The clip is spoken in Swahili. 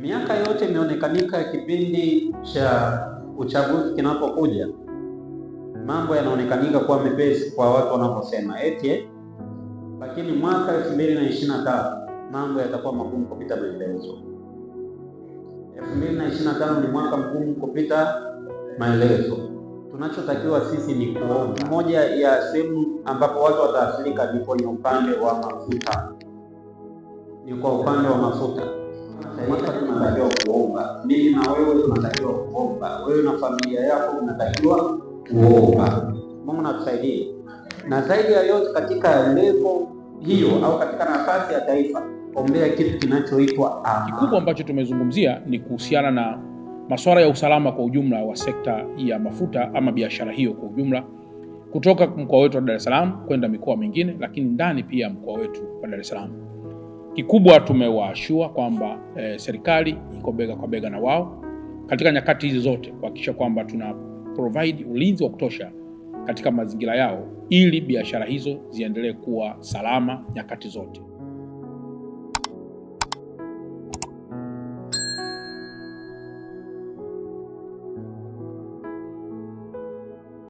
Miaka yote imeonekanika kipindi cha uchaguzi kinapokuja, mambo yanaonekanika kuwa mepesi kwa watu wanaposema eti, lakini mwaka 2025 mambo yatakuwa magumu kupita maelezo. 2025 ni mwaka mgumu kupita maelezo. Tunachotakiwa sisi ni kuomba. Moja ya sehemu ambapo watu wataathirika ni kwenye upande wa mafuta, ni kwa upande wa mafuta taifa tunatakiwa kuomba, mimi na wewe tunatakiwa kuomba, wewe na familia yako unatakiwa kuomba. Mungu natusaidie, na zaidi ya yote katika levo hiyo au katika nafasi ya taifa, ombea kitu kinachoitwa amani. Kikubwa ambacho tumezungumzia ni kuhusiana na masuala ya usalama kwa ujumla wa sekta ya mafuta ama biashara hiyo kwa ujumla, kutoka mkoa wetu wa Dar es Salaam kwenda mikoa mingine, lakini ndani pia mkoa wetu wa Dar es Salaam. Kikubwa tumewaashua kwamba e, serikali iko bega kwa bega na wao katika nyakati hizi zote kuhakikisha kwamba tuna provide ulinzi wa kutosha katika mazingira yao ili biashara hizo ziendelee kuwa salama nyakati zote.